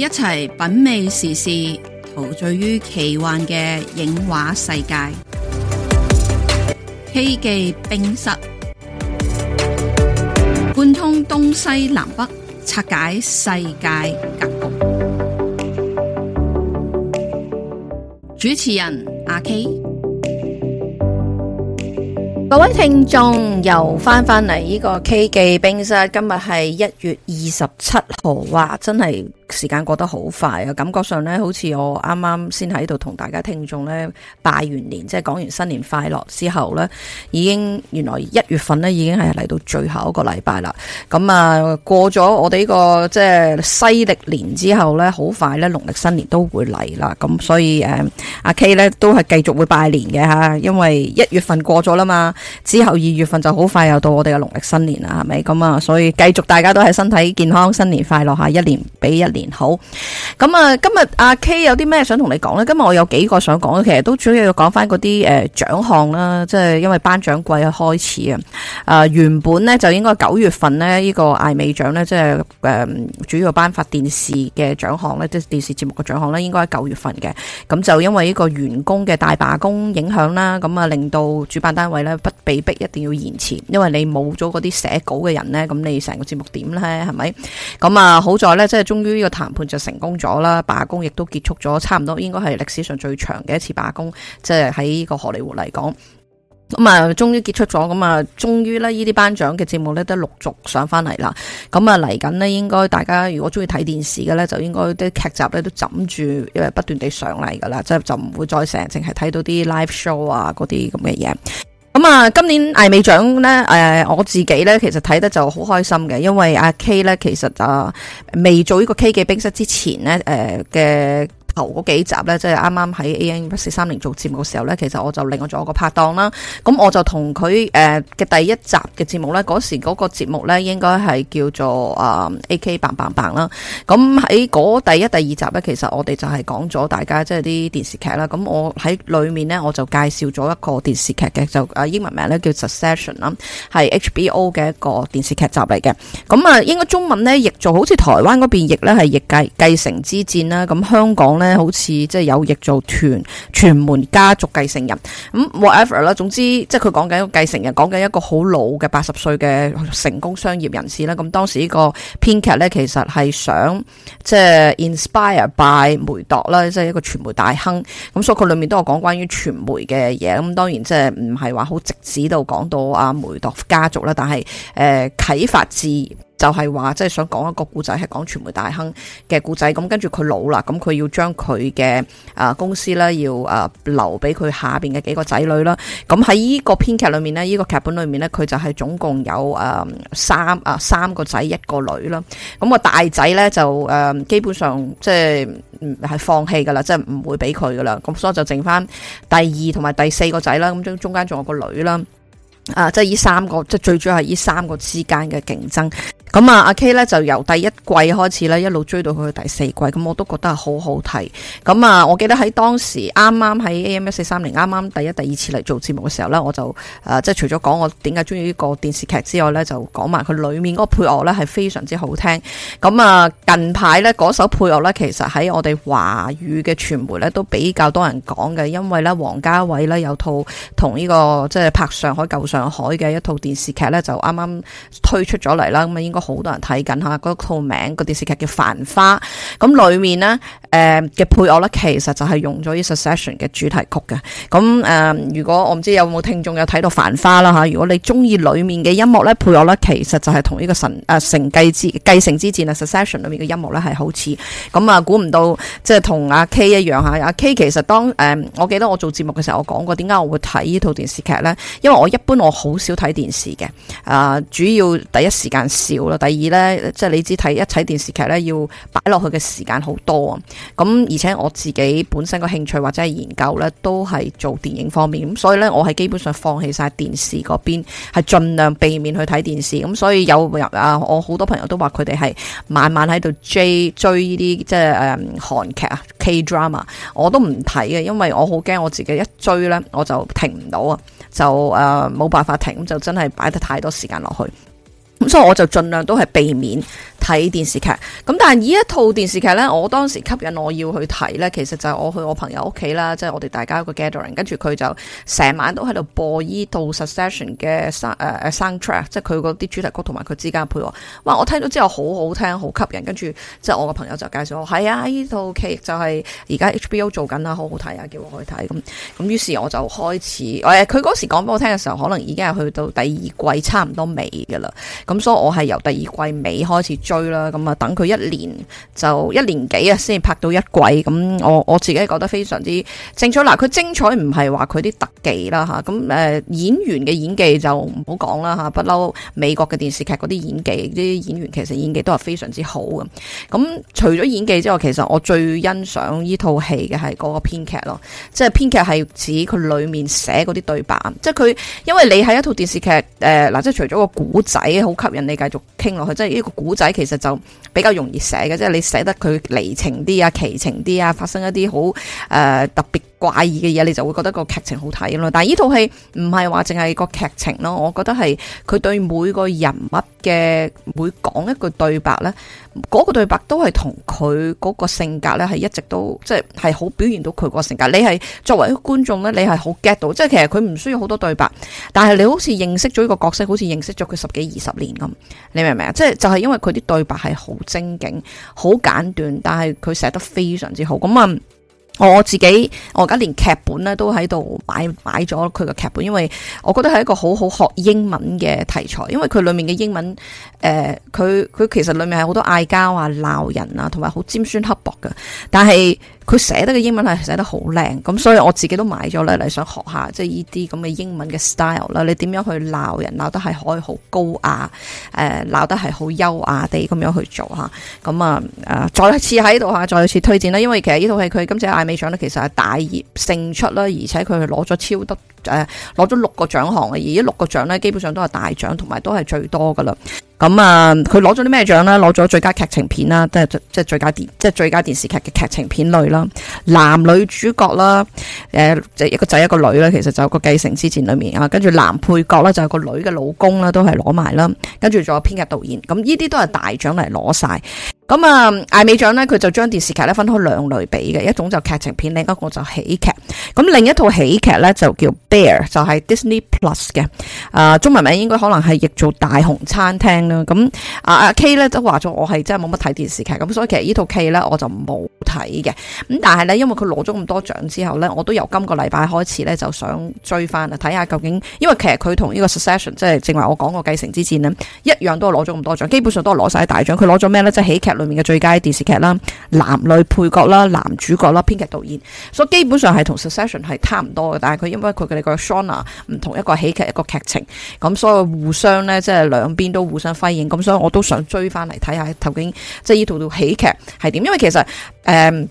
一齊品味時事，陶醉於奇幻嘅影畫世界。K 記冰室貫通東西南北，拆解世界格局。主持人阿 K，各位聽眾又翻返嚟呢個 K 記冰室。今日係一月二十七號，哇！真係～時間過得好快啊！感覺上呢，好似我啱啱先喺度同大家聽眾呢。拜完年，即係講完新年快樂之後呢，已經原來一月份呢，已經係嚟到最後一個禮拜啦。咁啊，過咗我哋呢個即係西曆年之後呢，好快呢，農曆新年都會嚟啦。咁所以誒，阿 K 呢都係繼續會拜年嘅吓，因為一月份過咗啦嘛，之後二月份就好快又到我哋嘅農曆新年啦，係咪咁啊？所以繼續大家都係身體健康，新年快樂吓，一年比一年。好，咁啊，今日阿 K 有啲咩想同你講咧？今日我有幾個想講，其實都主要要講翻嗰啲誒獎項啦，即係因為頒獎季啊開始啊，誒、呃、原本咧就應該九月份咧呢、這個艾美獎咧，即係誒、呃、主要頒發電視嘅獎項咧，即係電視節目嘅獎項咧，應該係九月份嘅。咁就因為呢個員工嘅大罷工影響啦，咁啊令到主辦單位咧不被逼一定要延遲，因為你冇咗嗰啲寫稿嘅人咧，咁你成個節目點咧係咪？咁啊好在咧，即係終於。個談判就成功咗啦，罷工亦都結束咗，差唔多應該係歷史上最長嘅一次罷工，即係喺呢個荷里活嚟講，咁啊，終於結束咗，咁啊，終於呢。呢啲頒獎嘅節目呢，都陸續上翻嚟啦，咁啊嚟緊呢，應該大家如果中意睇電視嘅呢，就應該啲劇集呢都枕住，因為不斷地上嚟噶啦，就就唔會再成日淨係睇到啲 live show 啊嗰啲咁嘅嘢。咁啊，今年艾美獎呢誒、呃，我自己呢其實睇得就好開心嘅，因為阿 K 呢其實啊，未做呢個 K 嘅冰室之前呢誒嘅。呃頭嗰幾集呢，即係啱啱喺 A N 十四三零做節目嘅時候呢，其實我就另外做我個拍檔啦。咁我就同佢誒嘅第一集嘅節目呢，嗰時嗰個節目呢應該係叫做誒 A K 白白白啦。咁、呃、喺第一、第二集呢，其實我哋就係講咗大家即係啲電視劇啦。咁我喺裏面呢，我就介紹咗一個電視劇嘅，就英文名呢叫 Succession 啦，係 H B O 嘅一個電視劇集嚟嘅。咁啊，應該中文呢亦做好似台灣嗰邊亦呢係譯繼繼承之戰啦。咁香港咧。好似即係有譯做團傳媒家族繼承人咁，whatever 啦。總之，即係佢講緊一個繼承人，講緊一個好老嘅八十歲嘅成功商業人士啦。咁當時呢個編劇呢，其實係想即係 inspire by 梅鐸啦，即係一個傳媒大亨。咁所以佢裏面都有講關於傳媒嘅嘢。咁當然即係唔係話好直指到講到阿梅鐸家族啦。但係誒啟發自就係話即係想講一個故仔，係講傳媒大亨嘅故仔。咁跟住佢老啦，咁佢要將佢嘅誒公司咧要誒留俾佢下邊嘅幾個仔女啦。咁喺呢個編劇裏面呢，呢個劇本裏面呢，佢就係總共有誒三誒、啊、三個仔一個女啦。咁個大仔呢，就誒、呃、基本上即係係放棄噶啦，即係唔會俾佢噶啦。咁所以就剩翻，第二同埋第四個仔啦。咁中中間仲有個女啦。啊，即係呢三個，即係最主要係呢三個之間嘅競爭。咁啊，阿 K 咧就由第一季開始咧，一路追到佢去第四季，咁我都覺得好好睇。咁啊，我記得喺當時啱啱喺 AM 一四三零啱啱第一第二次嚟做節目嘅時候咧，我就誒、呃、即係除咗講我點解中意呢個電視劇之外咧，就講埋佢裏面嗰，配樂咧係非常之好聽。咁啊，近排咧嗰首配樂咧，其實喺我哋華語嘅傳媒咧都比較多人講嘅，因為咧王家衛咧有套同呢、這個即係拍上海舊上海嘅一套電視劇咧，就啱啱推出咗嚟啦，咁啊好多人睇緊吓，嗰套名個電視劇叫《繁花》，咁裏面呢嘅配樂呢，其實就係用咗啲 Succession 嘅主題曲嘅。咁、嗯、如果我唔知有冇聽眾有睇到《繁花》啦，如果你中意裏面嘅音樂呢，配樂呢，其實就係同呢個神《神誒城繼之繼承之戰》啊，《Succession》裏面嘅音樂呢，係好似。咁、嗯、啊，估唔到即係同阿 K 一樣阿、啊、K 其實當、嗯、我記得我做節目嘅時候，我講過點解我會睇呢套電視劇呢，因為我一般我好少睇電視嘅，啊，主要第一時間少啦。第二呢，即係你知睇一睇電視劇呢，要擺落去嘅時間好多啊。咁而且我自己本身個興趣或者係研究呢，都係做電影方面。咁所以呢，我係基本上放棄晒電視嗰邊，係盡量避免去睇電視。咁所以有啊，我好多朋友都話佢哋係晚晚喺度追追呢啲即係誒韓劇啊 K drama，我都唔睇嘅，因為我好驚我自己一追呢，我就停唔到啊，就誒冇辦法停，就真係擺得太多時間落去。咁所以我就盡量都係避免。睇電視劇咁，但係呢一套電視劇呢，我當時吸引我要去睇呢，其實就係我去我朋友屋企啦，即係我哋大家一個 gathering，跟住佢就成晚都喺度播依套《Succession》嘅生 soundtrack，即係佢嗰啲主題曲同埋佢之間嘅配樂。哇！我聽咗之後好好聽，好吸引，跟住即係我個朋友就介紹我，係啊，呢套劇就係而家 HBO 做緊啦，好好睇啊，叫我去睇。咁咁於是我就開始誒，佢嗰時講俾我聽嘅時候，可能已經係去到第二季差唔多尾㗎啦。咁所以我係由第二季尾開始啦，咁啊等佢一年就一年幾啊，先拍到一季咁，我我自己覺得非常之、啊、精彩。嗱，佢精彩唔係話佢啲特技啦吓，咁、啊、誒、啊、演員嘅演技就唔好講啦吓，不、啊、嬲美國嘅電視劇嗰啲演技啲演員其實演技都係非常之好嘅。咁、啊、除咗演技之外，其實我最欣賞呢套戲嘅係嗰個編劇咯，即係編劇係指佢裏面寫嗰啲對白，即係佢因為你係一套電視劇誒嗱，即、啊、係、啊就是、除咗個古仔好吸引你繼續傾落去，即係呢個古仔其實。其實就比較容易寫嘅，即係你寫得佢離情啲啊，奇情啲啊，發生一啲好誒特別怪異嘅嘢，你就會覺得個劇情好睇咯。但係呢套戲唔係話淨係個劇情咯，我覺得係佢對每個人物嘅每講一句對白呢。嗰個對白都係同佢嗰個性格呢係一直都即係係好表現到佢個性格。你係作為一個觀眾呢，你係好 get 到，即係其實佢唔需要好多對白，但係你好似認識咗一個角色，好似認識咗佢十幾二十年咁。你明唔明啊？即係就係因為佢啲對白係好精警、好簡短，但係佢寫得非常之好咁啊。我自己我而家連劇本咧都喺度買買咗佢嘅劇本，因為我覺得係一個好好學英文嘅題材，因為佢裏面嘅英文誒，佢、呃、佢其實裏面係好多嗌交啊、鬧人啊，同埋好尖酸刻薄嘅，但係。佢寫，寫得嘅英文係寫得好靚，咁所以我自己都買咗嚟嚟想學下，即係呢啲咁嘅英文嘅 style 啦。你點樣去鬧人，鬧得係可以好高雅，誒、呃、鬧得係好優雅地咁樣去做下，咁啊，再一次喺度下再一次推薦啦。因為其實呢套戲佢今次艾美獎咧，其實係大熱勝出啦，而且佢係攞咗超得。誒，攞咗六個獎項啊！而呢六個獎咧，基本上都係大獎，同埋都係最多噶啦。咁、嗯、啊，佢攞咗啲咩獎咧？攞咗最佳劇情片啦，都係即係最佳電即係最佳電視劇嘅劇情片類啦，男女主角啦，誒，即係一個仔一個女啦，其實就有個繼承之戰裏面啊，跟住男配角啦，就有個女嘅老公啦，都係攞埋啦，跟住仲有編劇導演，咁呢啲都係大獎嚟攞晒。咁啊，艾美獎咧，佢就將電視劇咧分開兩類比嘅，一種就劇情片，另一個就喜劇。咁另一套喜劇咧就叫 Bear，就係 Disney Plus 嘅，啊、呃，中文名應該可能係譯做大熊餐廳啦。咁啊阿 K 咧都話咗，我係真係冇乜睇電視劇，咁所以其實呢套劇咧我就冇睇嘅。咁但係咧，因為佢攞咗咁多獎之後咧，我都由今個禮拜開始咧就想追翻啦，睇下究竟，因為其實佢同呢個 Succession，即係正話我講個繼承之戰咧，一樣都係攞咗咁多獎，基本上都係攞晒大獎。佢攞咗咩咧？即係喜劇。裏面嘅最佳的電視劇啦、男女配角啦、男主角啦、編劇導演，所以基本上係同 Succession 係差唔多嘅，但係佢因為佢哋個 genre 唔同，一個喜劇一個劇情，咁所以互相呢，即係兩邊都互相輝映，咁所以我都想追翻嚟睇下究竟，即係呢套套喜劇係點，因為其實誒。嗯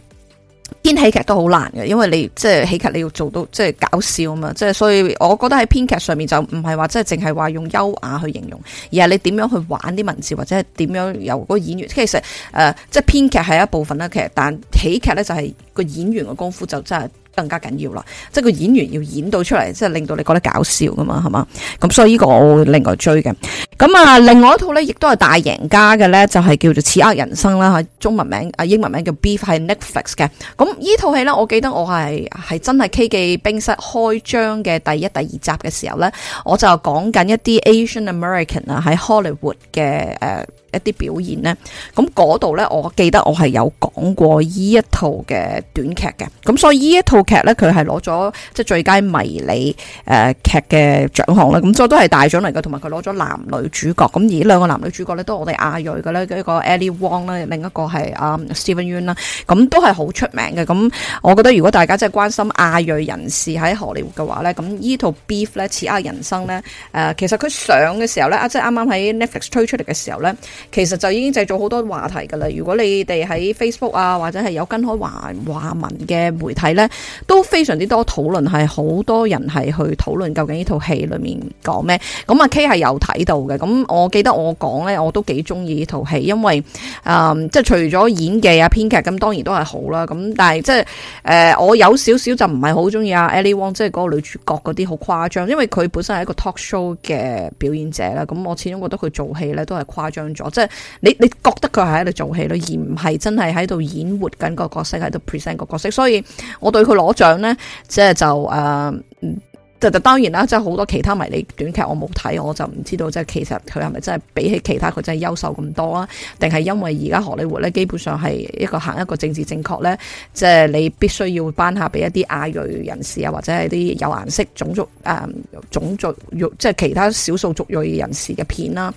編喜劇都好難嘅，因為你即係喜劇你要做到即係、就是、搞笑吖嘛，即係所以我覺得喺編劇上面就唔係話即係淨係話用優雅去形容，而係你點樣去玩啲文字或者係點樣由嗰個演員，其實誒即係編劇係一部分啦，其實但喜劇呢就係、是、個演員嘅功夫就真係。更加緊要啦，即係個演員要演到出嚟，即係令到你覺得搞笑噶嘛，係嘛，咁，所以呢個我會另外追嘅。咁啊，另外一套呢，亦都係大贏家嘅呢，就係叫做《恥惡人生》啦嚇，中文名啊，英文名叫 Beef，係 Netflix 嘅。咁呢套戲呢，我記得我係係真係 K 記冰室開張嘅第一、第二集嘅時候呢，我就講緊一啲 Asian American 啊，喺 Hollywood 嘅誒。一啲表現呢，咁嗰度呢，我記得我係有講過呢一套嘅短劇嘅，咁所以呢一套劇呢，佢係攞咗即係最佳迷你、呃、劇嘅獎項啦，咁所以都係大獎嚟嘅，同埋佢攞咗男女主角，咁而呢兩個男女主角呢，都係我哋亞裔嘅咧，一個 Ali Wong 啦，另一個係啊、嗯、Steven Yeun 啦，咁都係好出名嘅，咁我覺得如果大家真係關心亞裔人士喺荷里活嘅話呢，咁呢套 Beef 呢，似亞人生呢、呃，其實佢上嘅時候呢，即係啱啱喺 Netflix 推出嚟嘅時候呢。其實就已經製造好多話題㗎啦。如果你哋喺 Facebook 啊，或者係有跟開華文嘅媒體呢，都非常之多討論，係好多人係去討論究竟呢套戲裏面講咩。咁阿 K 係有睇到嘅。咁我記得我講呢，我都幾中意呢套戲，因為、呃、即係除咗演技啊、編劇，咁當然都係好啦。咁但係即係我有少少就唔係好中意啊。Ali Wong 即係嗰個女主角嗰啲好誇張，因為佢本身係一個 talk show 嘅表演者啦。咁我始終覺得佢做戲呢都係誇張咗。即係你，你覺得佢係喺度做戲咯，而唔係真係喺度演活緊個角色，喺度 present 個角色。所以我對佢攞獎呢，即係就誒，就、呃、當然啦。即係好多其他迷你短劇，我冇睇，我就唔知道。即係其實佢係咪真係比起其他佢真係優秀咁多啊？定係因為而家荷里活呢，基本上係一個行一個政治正確呢？即係你必須要頒下俾一啲亞裔人士啊，或者係啲有顏色種族誒、呃、種族即係其他少數族裔人士嘅片啦。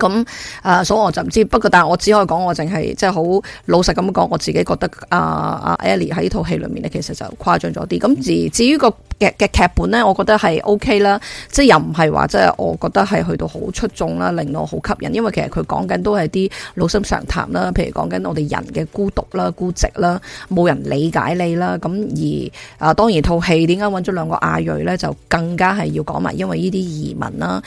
咁啊、呃，所以我就唔知，不過但係我只可以講，我淨係即係好老實咁講，我自己覺得啊啊 Ellie 喺呢套戲裏面咧，其實就誇張咗啲。咁而至，至於個。嘅嘅劇本呢，我覺得係 OK 啦，即係又唔係話即係，我覺得係去到好出眾啦，令到我好吸引。因為其實佢講緊都係啲老生常談啦，譬如講緊我哋人嘅孤獨啦、孤寂啦、冇人理解你啦。咁而啊，當然套戲點解揾咗兩個亞裔呢？就更加係要講埋，因為呢啲移民啦、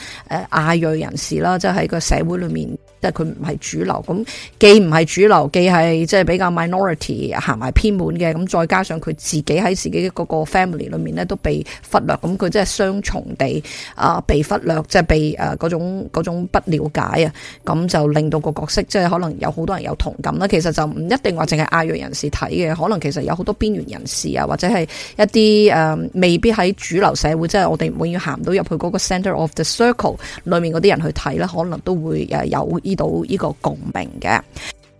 阿亞裔人士啦，即係喺個社會裏面，即係佢唔係主流，咁既唔係主流，既係即係比較 minority 行埋偏門嘅，咁再加上佢自己喺自己嘅嗰個 family 裏面呢。都。被忽略，咁佢即係雙重地啊被忽略，即係被誒嗰種、啊、嗰種不了解啊，咁就令到個角色即係可能有好多人有同感啦。其實就唔一定話淨係亞裔人士睇嘅，可能其實有好多邊緣人士啊，或者係一啲誒、啊、未必喺主流社會，即係我哋永遠行唔到入去嗰個 center of the circle 裏面嗰啲人去睇咧，可能都會誒有依到呢個共鳴嘅。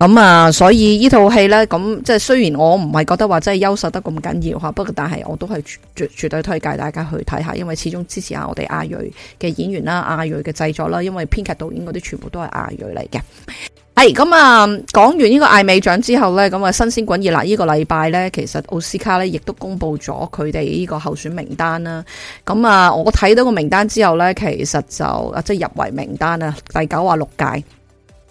咁啊，所以呢套戲呢，咁即係雖然我唔係覺得話真係優秀得咁緊要吓，不過但係我都係絕絕對推介大家去睇下，因為始終支持下我哋亞裔嘅演員啦，亞裔嘅製作啦，因為編劇導演嗰啲全部都係亞裔嚟嘅。係咁啊，講完呢個艾美獎之後呢，咁啊新鮮滾熱辣呢個禮拜呢，其實奧斯卡呢亦都公布咗佢哋呢個候選名單啦。咁啊，我睇到個名單之後呢，其實就即係入圍名單啊，第九十六屆。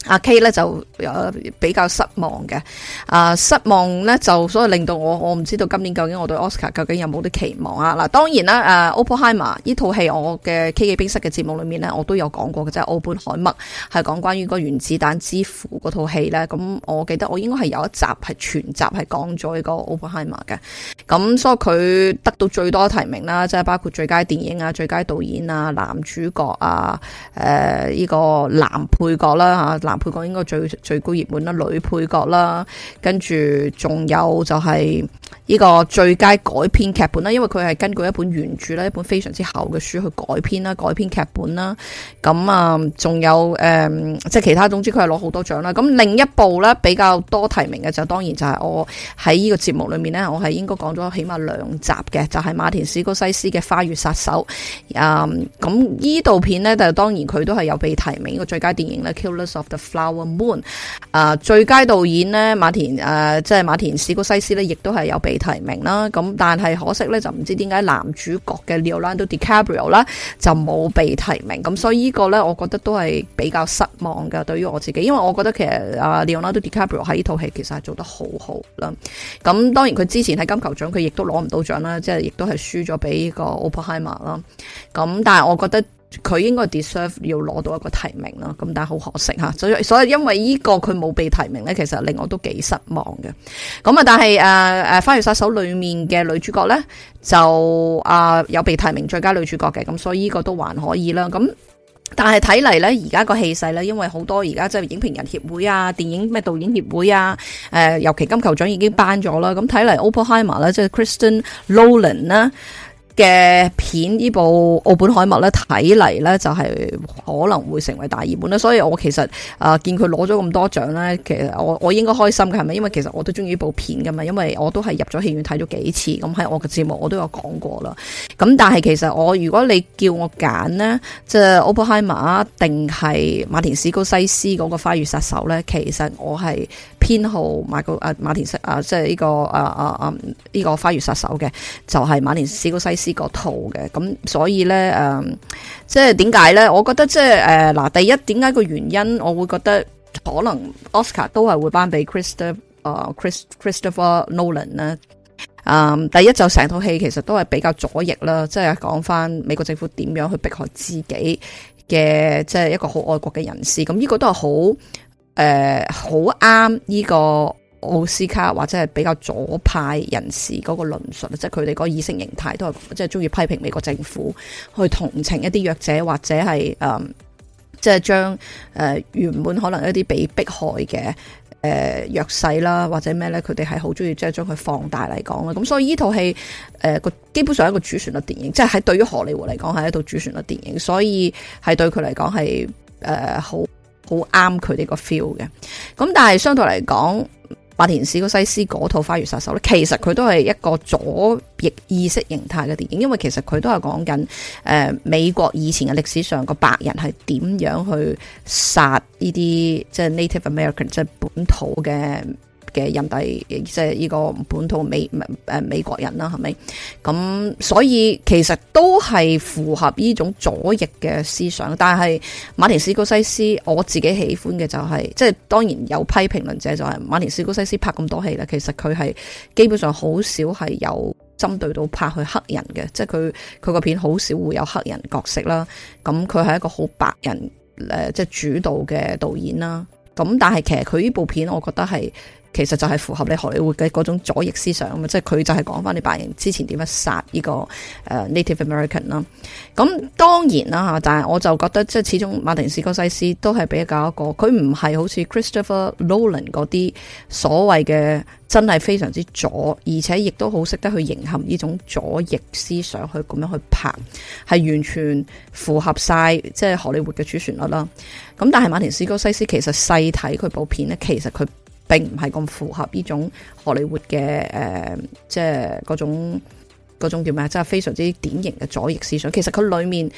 阿 K 咧就有比較失望嘅，啊失望咧就所以令到我我唔知道今年究竟我對 Oscar 究竟有冇啲期望啊嗱，當然啦，誒 Oppenheimer 呢套戲我嘅 K 記冰室嘅節目裏面咧，我都有講過嘅，即係奧本海默係講關於個原子彈之父嗰套戲咧，咁我記得我應該係有一集係全集係講咗呢個 Oppenheimer 嘅，咁所以佢得到最多提名啦，即係包括最佳電影啊、最佳導演啊、男主角啊、誒、呃、呢、這個男配角啦吓。男配角應該最最高熱門啦，女配角啦，跟住仲有就係呢個最佳改編劇本啦，因為佢係根據一本原著啦，一本非常之厚嘅書去改編啦，改編劇本啦，咁啊，仲有誒，即係其他，總之佢係攞好多獎啦。咁另一部咧比較多提名嘅就當然就係我喺呢個節目裏面呢，我係應該講咗起碼兩集嘅，就係馬田史高西斯嘅《花月殺手》。嗯，咁呢度片呢，就當然佢都係有被提名一個最佳電影呢。Killers of the Flower Moon，啊、呃、最佳導演咧馬田誒、呃、即係馬田史古西斯咧，亦都係有被提名啦。咁但係可惜呢，就唔知點解男主角嘅 Leonardo DiCaprio 啦就冇被提名。咁所以呢個呢，我覺得都係比較失望噶。對於我自己，因為我覺得其實、呃、Leonardo DiCaprio 喺呢套戲其實係做得很好好啦。咁當然佢之前喺金球獎佢亦都攞唔到獎啦，即係亦都係輸咗俾個 Oppenheimer 啦。咁但係我覺得。佢應該 deserve 要攞到一個提名啦，咁但係好可惜吓，所以所以因為呢個佢冇被提名咧，其實令我都幾失望嘅。咁啊，但係誒誒《花月殺手》裏面嘅女主角咧，就啊、呃、有被提名最佳女主角嘅，咁所以呢個都還可以啦。咁但係睇嚟咧，而家個氣勢咧，因為好多而家即係影評人協會啊、電影咩導演協會啊，呃、尤其金球獎已經頒咗啦，咁睇嚟 Oppenheimer 呢，即係 Christopher Nolan 呢。嘅片呢部《奧本海默》咧睇嚟咧就係可能會成為大熱門啦，所以我其實啊、呃、見佢攞咗咁多獎咧，其實我我應該開心嘅係咪？因為其實我都中意呢部片噶嘛，因為我都係入咗戲院睇咗幾次，咁喺我嘅節目我都有講過啦。咁但係其實我，如果你叫我揀咧，即係《奧本海默》定係馬田史高西斯嗰個《花月殺手》咧，其實我係偏好馬高啊馬田史啊即係呢、這個啊啊啊呢、這個《花月殺手》嘅，就係、是、馬田史高西斯。知個套嘅，咁所以呢，誒、嗯，即係點解呢？我覺得即係誒，嗱，第一點解個原因，我會覺得可能 Oscar 都係會頒俾 Christ、uh, Christopher Nolan 啦。誒，第一就成套戲其實都係比較左翼啦，即係講翻美國政府點樣去逼害自己嘅，即係一個好愛國嘅人士。咁呢個都係好誒，好啱呢個。奧斯卡或者係比較左派人士嗰個論述，即係佢哋嗰個意識形態都係即係中意批評美國政府，去同情一啲弱者或者係誒即係將誒原本可能一啲被迫害嘅、誒、呃、弱勢啦或者咩咧，佢哋係好中意即係將佢放大嚟講啦。咁所以呢套戲誒個基本上係一個主旋律電影，即係喺對於荷里活嚟講係一套主旋律電影，所以係對佢嚟講係誒好好啱佢哋個 feel 嘅。咁但係相對嚟講。白田史高西斯嗰套《花月殺手》咧，其實佢都係一個左翼意識形態嘅電影，因為其實佢都係講緊誒美國以前嘅歷史上個白人係點樣去殺呢啲即係、就是、Native American 即係本土嘅。嘅印第，即係呢個本土美誒美、呃、美國人啦，係咪？咁所以其實都係符合呢種左翼嘅思想。但係馬田史高西斯，我自己喜歡嘅就係、是，即係當然有批評論者就係、是、馬田史高西斯拍咁多戲啦。其實佢係基本上好少係有針對到拍去黑人嘅，即係佢佢個片好少會有黑人角色啦。咁佢係一個好白人誒、呃，即係主導嘅導演啦。咁但係其實佢呢部片，我覺得係。其實就係符合你荷里活嘅嗰種左翼思想咁啊，即係佢就係講翻你白人之前點樣殺呢個誒 Native American 啦。咁當然啦嚇，但係我就覺得即係始終馬丁斯高西斯都係比較一個，佢唔係好似 Christopher Nolan 嗰啲所謂嘅真係非常之左，而且亦都好識得去迎合呢種左翼思想去咁樣去拍，係完全符合晒即係荷里活嘅主旋律啦。咁但係馬丁斯高西斯其實細睇佢部片呢，其實佢。並唔係咁符合呢種荷里活嘅誒，即係嗰種嗰種叫咩？即係非常之典型嘅左翼思想。其實佢裏面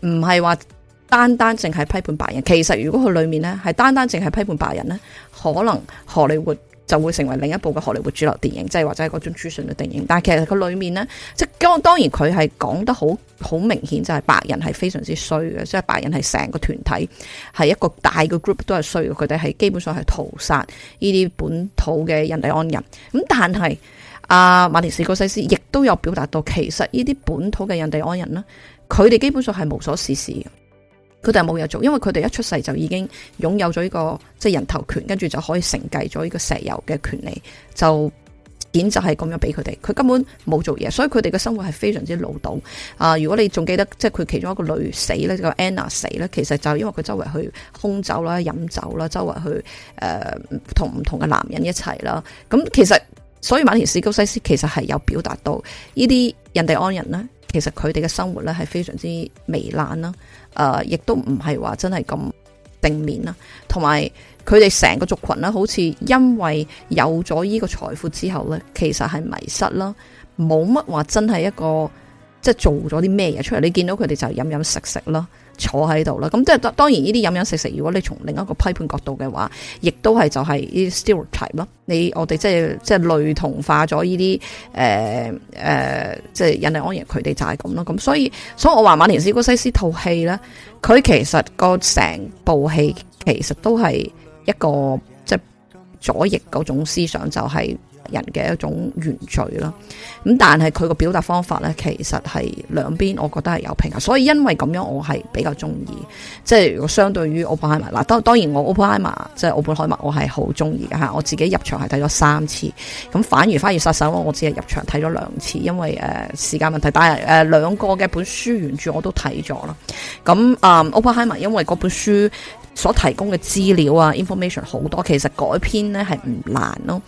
唔係話單單淨係批判白人。其實如果佢裏面咧係單單淨係批判白人咧，可能荷里活，就會成為另一部嘅荷里活主流電影，即係或者係嗰種主旋律電影。但係其實佢裏面呢，即當然佢係講得好好明顯，就係、是、白人係非常之衰嘅，即、就、係、是、白人係成個團體係一個大嘅 group 都係衰嘅。佢哋係基本上係屠殺呢啲本土嘅印第安人。咁但係阿、啊、馬田史高西斯亦都有表達到，其實呢啲本土嘅印第安人呢，佢哋基本上係無所事事嘅。佢哋係冇嘢做，因為佢哋一出世就已經擁有咗呢、這個即係、就是、人頭權，跟住就可以承繼咗呢個石油嘅權利，就錢就係咁樣俾佢哋。佢根本冇做嘢，所以佢哋嘅生活係非常之潦倒啊、呃，如果你仲記得即係佢其中一個女死咧，個 Anna 死咧，其實就因為佢周圍去酗酒啦、飲酒啦，周圍去誒、呃、同唔同嘅男人一齊啦。咁其實所以馬田史高西斯其實係有表達到呢啲印第安人呢，其實佢哋嘅生活咧係非常之糜爛啦。誒，亦都唔係話真係咁正面啦，同埋佢哋成個族群啦，好似因為有咗依個財富之後呢，其實係迷失啦，冇乜話真係一個。即係做咗啲咩嘢出嚟？你見到佢哋就係飲飲食食咯，坐喺度啦。咁即係當然，呢啲飲飲食食，如果你從另一個批判角度嘅話，亦都係就係呢啲 stereotype 咯。你我哋即係即係類同化咗呢啲誒誒，即係人類安然，佢哋就係咁咯。咁所以，所以我話馬田史高西斯套戲咧，佢其實個成部戲其實都係一個即係左翼嗰種思想，就係、是。人嘅一種原罪咯，咁但係佢個表達方法呢，其實係兩邊，我覺得係有平衡。所以因為咁樣，我係比較中意，即係如果相對於《奧本海默》，嗱，當當然我《奧本海默》即係《奧本海默》，我係好中意吓，我自己入場係睇咗三次。咁反而《花月殺手》我只係入場睇咗兩次，因為誒、呃、時間問題。但係誒、呃、兩個嘅本書原著我都睇咗啦。咁啊，《奧本海默》因為嗰本書所提供嘅資料啊，Information 好多，其實改編呢係唔難咯。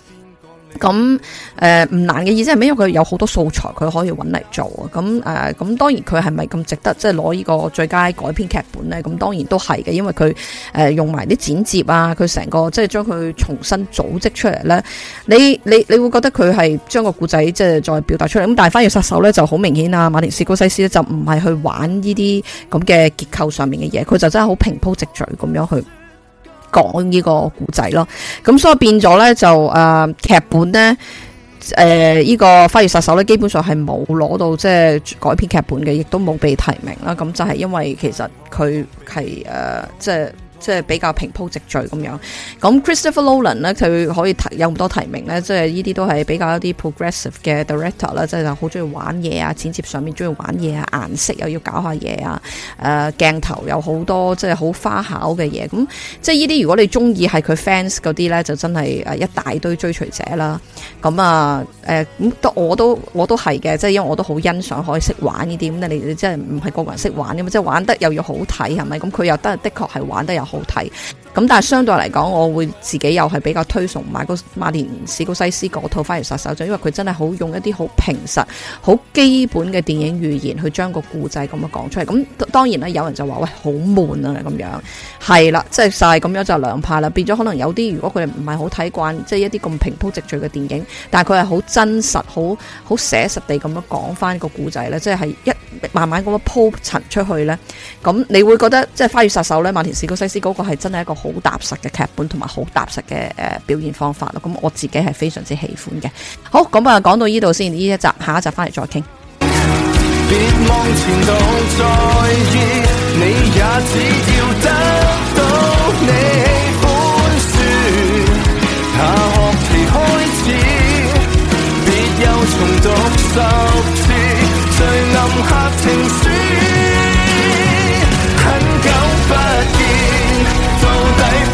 咁誒唔難嘅意思係咩？因為佢有好多素材，佢可以揾嚟做啊！咁誒咁當然佢係咪咁值得即係攞呢個最佳改編劇本咧？咁當然都係嘅，因為佢誒、呃、用埋啲剪接啊，佢成個即係將佢重新組織出嚟咧。你你你會覺得佢係將個故仔即係再表達出嚟。咁但係《花月殺手》咧就好明顯啊，《馬田士高西斯》咧就唔係去玩呢啲咁嘅結構上面嘅嘢，佢就真係好平鋪直敍咁樣去，講呢個故仔咯，咁所以變咗呢，就誒，劇、呃、本呢，誒、呃，呢、這個《花月殺手》呢，基本上係冇攞到即係改編劇本嘅，亦都冇被提名啦。咁就係因為其實佢係誒，即係。即係比較平鋪直敍咁樣，咁 Christopher Nolan 咧，佢可以提有咁多提名呢？即係呢啲都係比較一啲 progressive 嘅 director 啦，即係好中意玩嘢啊，剪接上面中意玩嘢啊，顏色又要搞下嘢啊，誒、呃、鏡頭有好多即係好花巧嘅嘢，咁即係呢啲如果你中意係佢 fans 嗰啲呢，就真係誒一大堆追隨者啦。咁啊誒咁，都、呃、我都我都係嘅，即係因為我都好欣賞可以識玩呢啲，咁你即係唔係個個人都識玩嘅嘛，即係玩得又要好睇係咪？咁佢又得，的確係玩得又。好睇，咁但係相對嚟講，我會自己又係比較推崇買個馬田史高西斯嗰套《花月殺手》，就因為佢真係好用一啲好平實、好基本嘅電影語言去將個故仔咁樣講出嚟。咁當然啦，有人就話喂好悶啊咁樣，係啦，即係晒咁樣就兩派啦。變咗可能有啲如果佢哋唔係好睇慣，即係一啲咁平鋪直敘嘅電影，但係佢係好真實、好好寫實地咁樣講翻個故仔咧，即係一慢慢咁樣鋪陳出去咧，咁你會覺得即係《花月殺手》咧，馬田史高西斯。嗰個係真係一個好踏實嘅劇本，同埋好踏實嘅表現方法咯。咁我自己係非常之喜歡嘅。好，咁啊，講到呢度先，呢一集，下一集翻嚟再傾。別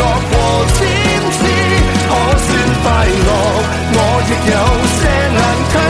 作過千次，可算快樂，我亦有些難堪。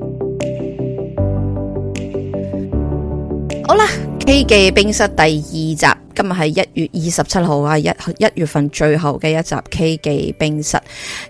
K 記冰室第二集。今日係一月二十七號啊，一一月份最後嘅一集《K 記冰室》。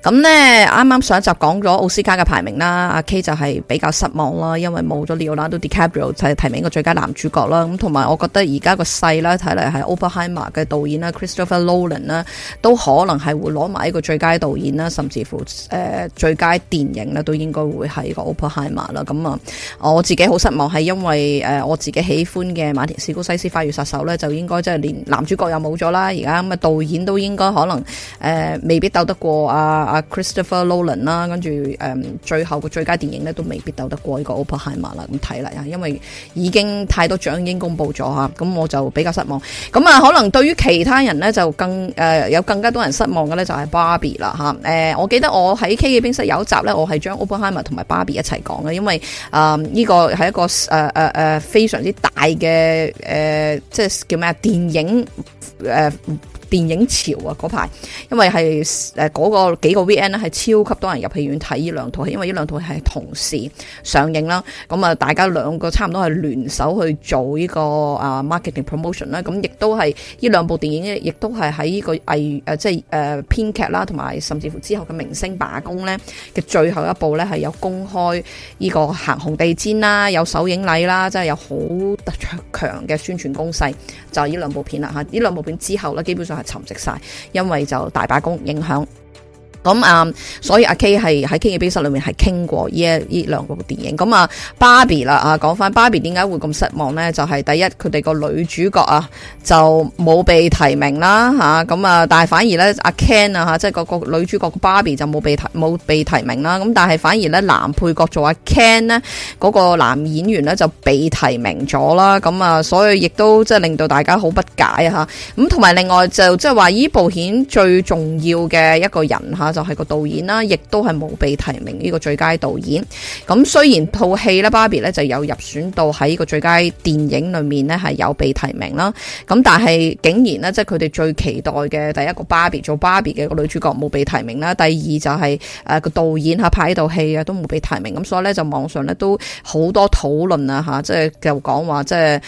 咁呢，啱啱上一集講咗奧斯卡嘅排名啦，阿 K 就係比較失望啦，因為冇咗 Leonardo DiCaprio 就係提名個最佳男主角啦。咁同埋，我覺得而家個勢啦，睇嚟係 Oppenheimer 嘅導演啦，Christopher Nolan 啦，都可能係會攞埋呢個最佳導演啦，甚至乎誒、呃、最佳電影都應該會係個 Oppenheimer 啦。咁啊，我自己好失望，係因為誒我自己喜歡嘅《馬田史高西斯花月殺手》呢，就應該真係。連男主角又冇咗啦，而家咁啊導演都應該可能誒、呃，未必鬥得過啊阿 Christopher Nolan 啦，跟住誒最後嘅最佳電影咧都未必鬥得過呢、這個 Oppenheimer 啦、啊，咁睇啦，因為已經太多獎已經公布咗吓，咁我就比較失望。咁啊，啊，啊，啊，可能對於其他人咧就更誒、啊、有更加多人失望嘅咧就係 Barbie 啦、啊、吓，誒、啊、我記得我喺 K 記冰室有一集咧，我係將 Oppenheimer 同埋 Barbie 一齊講嘅，因為誒呢個係一個誒誒誒非常之大嘅誒、啊、即係叫咩電影誒。Uh 電影潮啊！嗰排，因為係誒嗰個幾個 V N 咧係超級多人入戲院睇呢兩套戲，因為呢兩套戲係同時上映啦。咁啊，大家兩個差唔多係聯手去做呢，這個啊 marketing promotion 啦。咁亦都係呢兩部電影亦都係喺呢個藝誒，啊，即係誒，啊、編劇啦，同埋甚至乎之後嘅明星罷工呢。嘅最後一部呢，係有公開呢個行紅地氈啦，有首映禮啦，真係有好突出強嘅宣傳攻勢，就係、是，呢兩部片啦嚇。依，啊、兩部片之後呢，基本上係沉寂晒，因為就大罷工影響。咁啊、嗯，所以阿 Kay 係喺 K 記冰室裏面係傾過呢一依兩部電影。咁、嗯、啊，Barbie 啦啊，講翻 Barbie 點解會咁失望咧？就係、是、第一，佢哋、啊啊啊啊就是、個女主角啊就冇被，被提名啦吓。咁啊，但係反而咧，阿 Ken 啊吓，即係個女主角個 Barbie 就冇被提冇被提名啦。咁但係反而咧，男配角做阿 Ken 咧，嗰、那個、男演員咧就被提名咗啦。咁啊，所以亦都即係令到大家好不解啊吓。咁同埋另外就即係話依部片最重要嘅一個人吓。啊就係個導演啦，亦都係冇被提名呢個最佳導演。咁雖然套戲咧，芭比咧就有入選到喺呢個最佳電影裏面咧，係有被提名啦。咁但係竟然咧，即係佢哋最期待嘅第一個芭比做芭比嘅個女主角冇被提名啦。第二就係誒個導演吓拍呢套戲啊，都冇被提名。咁所以咧，就網上咧都好多討論啊吓，即係就講話即係誒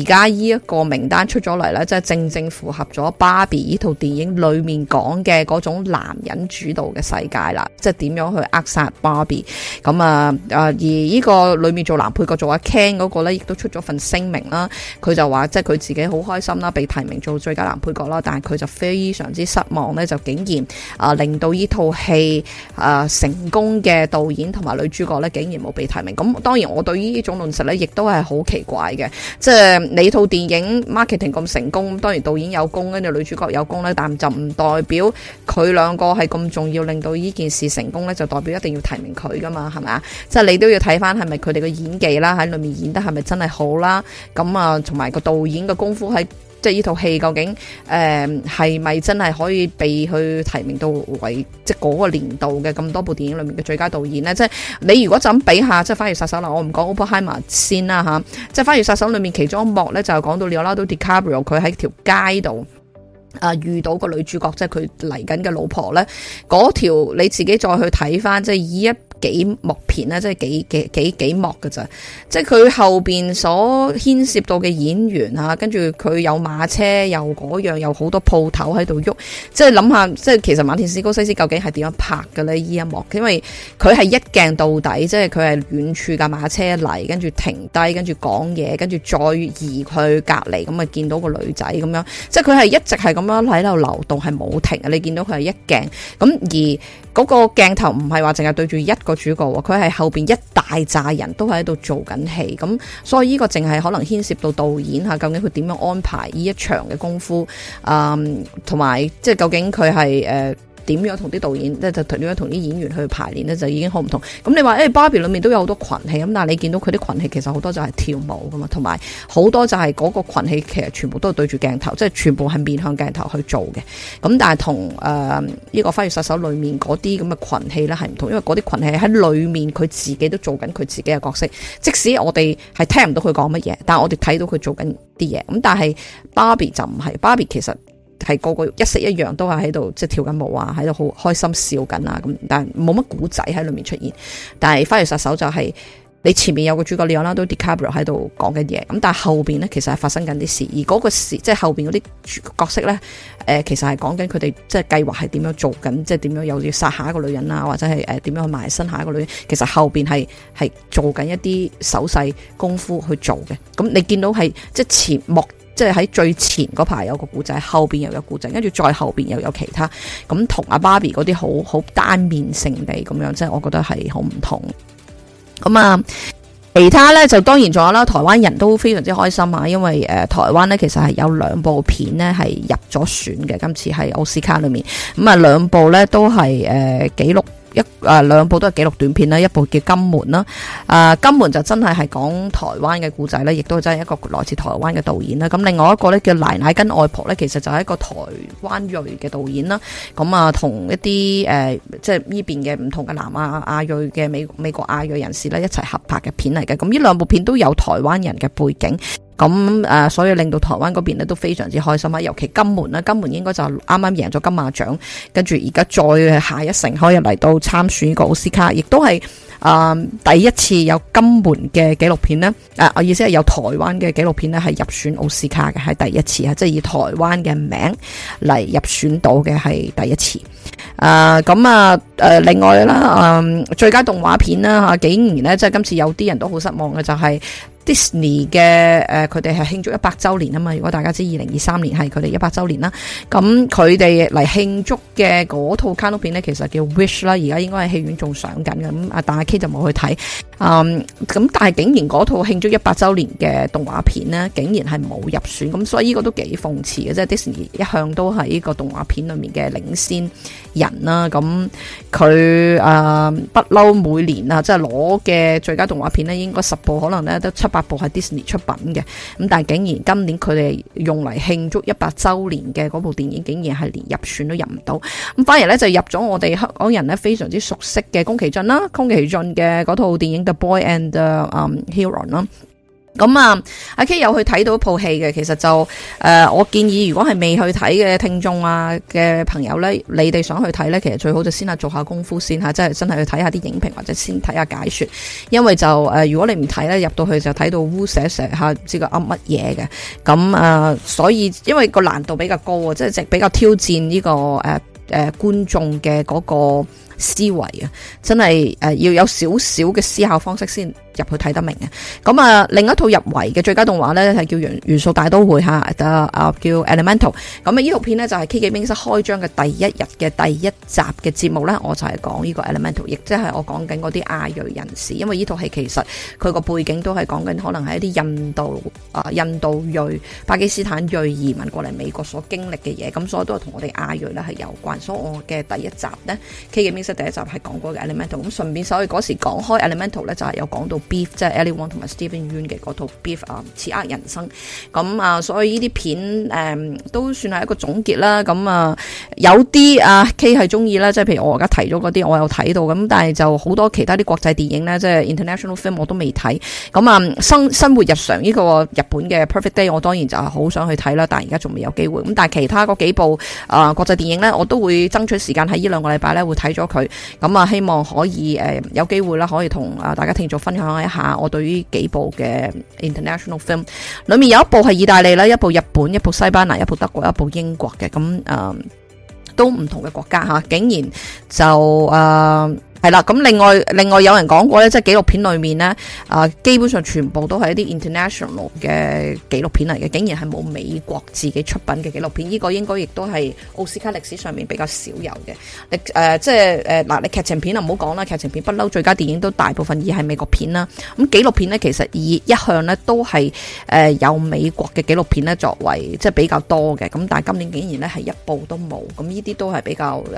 而家呢一個名單出咗嚟，咧，即係正正符合咗芭比呢套電影裏面講嘅嗰種男人主導嘅世界啦，即係點樣去扼殺芭比咁啊？誒，而呢個裏面做男配角做阿 Ken 嗰個呢，亦都出咗份聲明啦。佢就話即係佢自己好開心啦，被提名做最佳男配角啦。但係佢就非常之失望呢，就竟然啊、呃、令到呢套戲啊成功嘅導演同埋女主角呢，竟然冇被提名。咁當然我對於呢種論述呢，亦都係好奇怪嘅。即係你套電影 marketing 咁成功，當然導演有功，跟住女主角有功呢，但就唔代表佢兩個。我係咁重要，令到呢件事成功呢，就代表一定要提名佢噶嘛，係咪啊？即係你都要睇翻，係咪佢哋嘅演技啦，喺裏面演得係咪真係好啦？咁啊，同埋個導演嘅功夫喺即係呢套戲究竟誒係咪真係可以被去提名到為即係嗰個年度嘅咁多部電影裏面嘅最佳導演呢，即係你如果就咁比下，即係《花月殺手》啦，我唔講 Oppenheimer 先啦吓，即係《花月殺手》裏面其中一幕呢，就講到 Leonardo DiCaprio，佢喺條街度。啊！遇到個女主角即係佢嚟緊嘅老婆咧，嗰條你自己再去睇翻，即係以一幾幕。即係幾幾幾幾幕嘅咋？即係佢後邊所牽涉到嘅演員啊，跟住佢有馬車，又嗰樣，有好多鋪頭喺度喐。即係諗下，即係其實《馬田史高西斯》究竟係點樣拍嘅呢？呢一幕，因為佢係一鏡到底，即係佢係遠處架馬車嚟，跟住停低，跟住講嘢，跟住再移佢隔離，咁啊見到個女仔咁樣。即係佢係一直係咁樣喺度流動，係冇停。你見到佢係一鏡咁，而嗰個鏡頭唔係話淨係對住一個主角，佢係。後邊一大扎人都喺度做緊戲，咁所以呢個淨係可能牽涉到導演吓，究竟佢點樣安排呢一場嘅功夫？嗯，同埋即係究竟佢係誒。呃點樣同啲導演咧就點樣同啲演員去排練呢？就已經好唔同。咁你話誒《芭比》裏面都有好多群戲咁，但係你見到佢啲群戲其實好多就係跳舞噶嘛，同埋好多就係嗰個群戲其實全部都係對住鏡頭，即係全部係面向鏡頭去做嘅。咁但係同誒呢個《花月殺手》裏面嗰啲咁嘅群戲呢係唔同，因為嗰啲群戲喺裏面佢自己都做緊佢自己嘅角色，即使我哋係聽唔到佢講乜嘢，但係我哋睇到佢做緊啲嘢。咁但係《芭比》就唔係，《芭比》其實。係個個一式一樣，都係喺度即係跳緊舞啊，喺度好開心笑緊啊咁，但係冇乜故仔喺裏面出現。但係《花月殺手》就係、是、你前面有個主角 Leonardo DiCaprio 喺度講緊嘢，咁但係後邊呢其實係發生緊啲事，而嗰個事即係後邊嗰啲角色呢誒、呃、其實係講緊佢哋即係計劃係點樣做緊，即係點樣又要殺下一個女人啊，或者係誒點樣去埋身下一個女人。其實後邊係係做緊一啲手勢功夫去做嘅。咁你見到係即係前幕。即係喺最前嗰排有個故仔，後邊又有個故仔，跟住再後邊又有其他，咁同阿 Barbie 嗰啲好好單面性地咁樣，即係我覺得係好唔同。咁啊，其他呢就當然仲有啦，台灣人都非常之開心啊，因為誒、呃、台灣呢其實係有兩部片呢係入咗選嘅，今次係奧斯卡裏面。咁、嗯、啊，兩部呢都係誒、呃、紀錄。一誒兩、啊、部都係紀錄短片啦，一部叫金門、啊《金門》啦，金門》就真係係講台灣嘅故仔咧，亦都真係一個來自台灣嘅導演啦。咁另外一個咧叫奶奶跟外婆咧，其實就係一個台灣裔嘅導演啦。咁啊一、呃就是、同一啲誒即係呢邊嘅唔同嘅南亞亞亞裔嘅美美國亞裔人士咧一齊合拍嘅片嚟嘅。咁呢兩部片都有台灣人嘅背景。咁誒、呃，所以令到台灣嗰邊咧都非常之開心啊！尤其金門咧，金門應該就啱啱贏咗金馬獎，跟住而家再下一城，可以嚟到參選呢個奧斯卡，亦都係誒、呃、第一次有金門嘅紀錄片呢誒，我、呃、意思係有台灣嘅紀錄片呢係入選奧斯卡嘅，係第一次啊！即係以台灣嘅名嚟入選到嘅係第一次。誒，咁、呃、啊、呃呃、另外啦、呃、最佳動畫片啦、啊、嚇，竟然呢即係今次有啲人都好失望嘅就係、是。Disney 嘅誒，佢哋係慶祝一百周年啊嘛！如果大家知二零二三年係佢哋一百周年啦，咁佢哋嚟慶祝嘅嗰套卡通片呢，其實叫 Wish 啦，而家應該係戲院仲上緊嘅。咁啊，但阿 K 就冇去睇，嗯，咁但係竟然嗰套慶祝一百周年嘅動畫片呢，竟然係冇入選，咁所以呢個都幾諷刺嘅，即係 Disney 一向都係呢個動畫片裏面嘅領先人啦。咁佢啊不嬲、呃、每年啊，即係攞嘅最佳動畫片呢，應該十部可能呢都七百，八部係 Disney 出品嘅，咁但係竟然今年佢哋用嚟慶祝一百周年嘅嗰部電影，竟然係連入選都入唔到，咁反而咧就入咗我哋香港人咧非常之熟悉嘅宮崎駿啦，宮崎駿嘅嗰套電影《The Boy and the, Um Heron》啦。咁啊，阿 K 有去睇到套戲嘅，其實就誒、呃，我建議如果係未去睇嘅聽眾啊嘅朋友咧，你哋想去睇咧，其實最好就先啊做下功夫先吓，即、啊、係、就是、真係去睇下啲影評或者先睇下解說，因為就誒、啊，如果你唔睇咧，入到去就睇到污寫寫吓，唔知佢噏乜嘢嘅，咁啊，所以因為個難度比較高喎，即係即比較挑戰呢個誒誒觀眾嘅嗰個。啊啊思維啊，真係誒要有少少嘅思考方式先入去睇得明嘅。咁啊，另一套入圍嘅最佳動畫咧係叫《元元素大都會》吓，啊叫 Elemental。咁、e、啊，呢套片咧就係 K 記冰室開張嘅第一日嘅第一集嘅節目咧，我就係講呢個 Elemental，亦即係我講緊嗰啲亞裔人士，因為呢套係其實佢個背景都係講緊可能係一啲印度啊、印度裔、巴基斯坦裔移民過嚟美國所經歷嘅嘢，咁所以都係同我哋亞裔咧係有關。所以我嘅第一集咧，K 記冰即第一集係講過嘅 Elemental，咁順便所以嗰時講開 Elemental 咧，就係、是、有講到 Beef，即係 Ellie Wong 同埋 Steven Yeun 嘅嗰套 Beef 啊，刺蝟人生。咁啊，所以呢啲片誒、嗯、都算係一個總結啦。咁啊，有啲啊 K 係中意啦，即係譬如我而家提咗嗰啲，我有睇到咁，但係就好多其他啲國際電影咧，即係 International Film 我都未睇。咁啊，生生活日常呢、這個日本嘅 Perfect Day，我當然就係好想去睇啦，但而家仲未有機會。咁但係其他嗰幾部啊國際電影咧，我都會爭取時間喺呢兩個禮拜咧會睇咗咁啊，希望可以誒，有機會啦，可以同啊大家聽眾分享一下我對於幾部嘅 international film，裏面有一部係意大利啦，一部日本，一部西班牙，一部德國，一部英國嘅，咁、嗯、誒都唔同嘅國家吓，竟然就誒。嗯係啦，咁另外另外，有人講過咧，即係紀錄片裏面呢，誒、呃、基本上全部都係一啲 international 嘅紀錄片嚟嘅，竟然係冇美國自己出品嘅紀錄片，呢、這個應該亦都係奧斯卡歷史上面比較少有嘅。你誒、呃、即係誒嗱，你、呃、劇情片啊唔好講啦，劇情片不嬲最佳電影都大部分以係美國片啦。咁紀錄片呢，其實以一向呢都係誒有美國嘅紀錄片咧作為即係、就是、比較多嘅，咁但係今年竟然咧係一部都冇，咁呢啲都係比較誒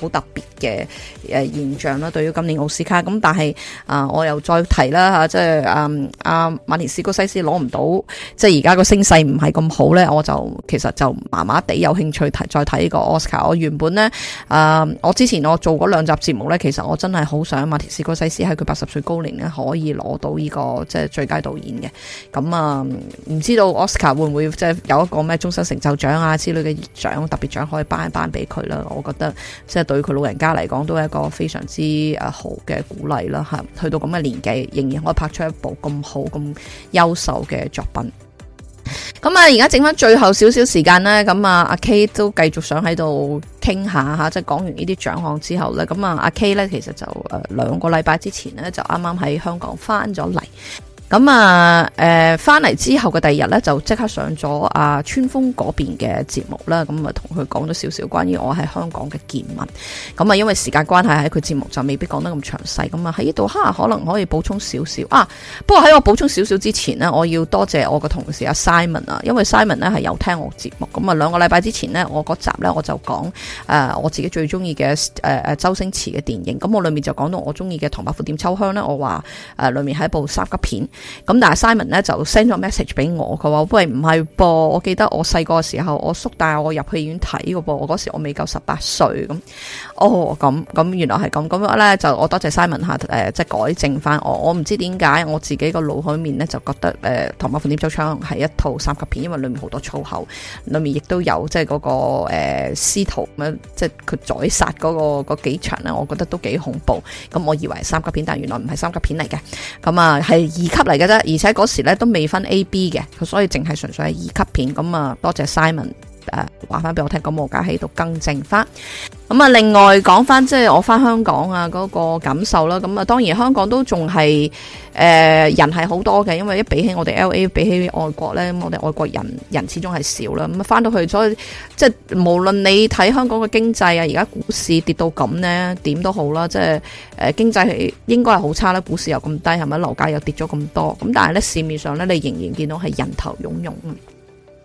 好、呃、特別嘅誒現。啦，對於今年奧斯卡咁，但係啊、呃，我又再提啦，即係啊啊馬田斯哥西斯攞唔到，即係而家個聲勢唔係咁好呢。我就其實就麻麻地有興趣睇再睇呢個奧斯卡。我原本呢，啊，我之前我做嗰兩集節目呢，其實我真係好想馬田斯哥西斯喺佢八十歲高齡呢，可以攞到呢、呢個即係最佳導演嘅。咁、嗯、啊，唔知道奧斯卡會唔會即係有一個咩終身成就獎啊之類嘅獎特別獎可以頒一頒俾佢啦，我覺得即係對於佢老人家嚟講都係一個非常。之啊好嘅鼓勵啦吓，去到咁嘅年紀仍然可以拍出一部咁好咁優秀嘅作品。咁啊，而家剩翻最後少少時間呢，咁啊，阿 K 都繼續想喺度傾下吓，即係講完呢啲獎項之後呢，咁啊，阿 K 呢，其實就誒兩個禮拜之前呢，就啱啱喺香港翻咗嚟。咁啊，誒，翻嚟之後嘅第二日咧，就即刻上咗啊川峰嗰邊嘅節目啦。咁啊，同佢講咗少少關於我喺香港嘅見聞。咁啊，因為時間關係喺佢節目就未必講得咁詳細，咁啊，喺呢度哈可能可以補充少少啊。不過喺我補充少少之前呢，我要多謝我嘅同事阿 Simon 啊，因為 Simon 呢係有聽我節目。咁啊，兩個禮拜之前呢，我嗰集呢，我就講誒、呃、我自己最中意嘅誒誒周星馳嘅電影。咁我裏面就講到我中意嘅《唐伯虎點秋香》呢，我話誒裏面係一部三級片。咁但係 Simon 咧就 send 咗 message 俾我，佢話喂唔係噃，我記得我細個嘅時候我叔帶我入戲院睇嘅噃，我嗰時我未夠十八歲，咁哦咁咁原來係咁，咁咧就我多謝 Simon 下、呃、誒，即係改正翻我，我唔知點解我自己個腦海面咧就覺得誒、呃《唐伯虎點秋香》係一套三級片，因為裏面好多粗口，裏面亦都有即係嗰個誒師徒咁，即係佢、嗰個呃、宰殺嗰、嗰個幾幾場咧，我覺得都幾恐怖，咁我以為三級片，但原來唔係三級片嚟嘅，咁啊係二級。嚟嘅啫，而且嗰時咧都未分 A、B 嘅，所以淨係純粹係二級片咁啊！多謝 Simon。誒，話翻俾我聽，咁我而家喺度更正翻。咁啊，另外講翻，即係我翻香港啊，嗰個感受啦。咁啊，當然香港都仲係誒人係好多嘅，因為一比起我哋 L A，比起外國咧，我哋外國人人始終係少啦。咁啊，翻到去所以即係無論你睇香港嘅經濟啊，而家股市跌到咁咧，點都好啦。即係誒，經濟應該係好差啦，股市又咁低，係咪？樓價又跌咗咁多。咁但係咧，市面上咧，你仍然見到係人頭湧湧。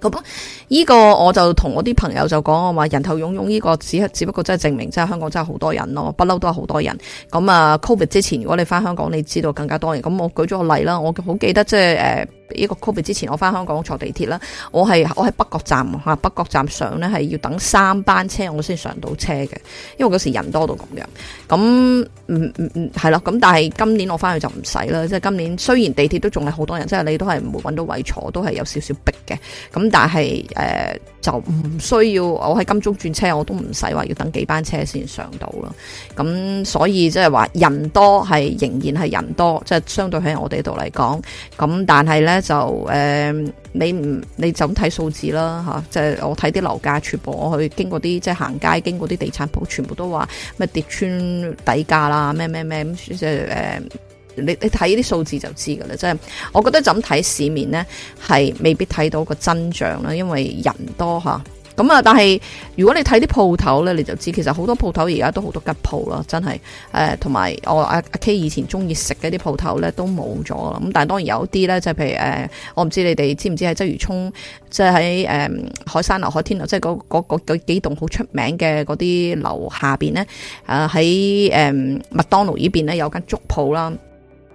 咁呢個我就同我啲朋友就講我話，人頭湧湧呢個只係只不過真係證明，真係香港真係好多人咯，不嬲都係好多人。咁啊，COVID 之前如果你翻香港，你知道更加多人。咁我舉咗個例啦，我好記得即係誒，就是呃一個 COVID 之前，我翻香港坐地鐵啦，我係我喺北角站嚇，北角站上咧係要等三班車我先上到車嘅，因為嗰時人多到咁樣，咁嗯嗯嗯係啦，咁但係今年我翻去就唔使啦，即係今年雖然地鐵都仲係好多人，即係你都係唔會揾到位坐，都係有少少逼嘅。咁但係誒就唔需要，我喺金鐘轉車我都唔使話要等幾班車先上到啦。咁所以即係話人多係仍然係人多，即係相對喺我哋度嚟講，咁但係咧。就誒、嗯，你唔你就咁睇數字啦吓，即係我睇啲樓價全部，我去經過啲即係行街，經過啲地產鋪，全部都話咩跌穿底價啦，咩咩咩咁即係誒，你你睇啲數字就知噶啦，即係我覺得就咁睇市面咧，係未必睇到個增長啦，因為人多吓。啊咁啊、嗯！但係如果你睇啲鋪頭咧，你就知其實好多鋪頭而家都好多吉鋪啦，真係誒，同、呃、埋我阿阿 K 以前鍾意食嘅啲鋪頭咧都冇咗啦。咁但係當然有啲咧，就係、是、譬如誒、呃，我唔知你哋知唔知喺鰂魚涌，即係喺誒海山樓、海天樓，即係嗰嗰幾棟好出名嘅嗰啲樓下面咧，啊喺誒麥當勞呢邊咧有間粥鋪啦。